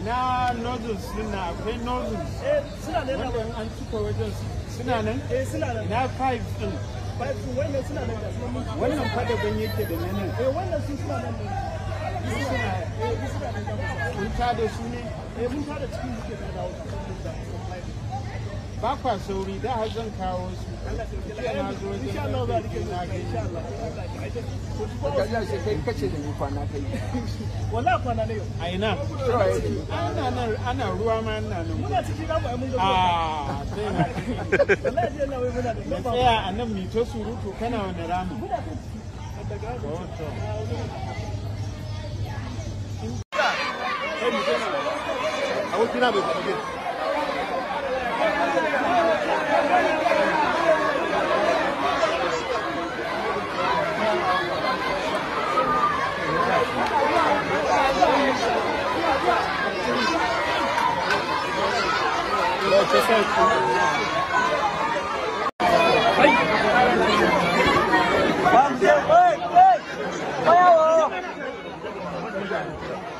ina nozzles din na akwai nozzles eh, suna an cika wajen suna eh na five din five wannan suna nan wannan da nan eh wannan su nan eh, eh mun tada eh da dawo ba kwa sauri da har zan kawo su na zo zan na ana ruwa ma ina nan muna ciki mu ai mun ah, a na tsaya a nan mi surutu kana wani rami A ta ciki 哎！来来来来来！来！加油！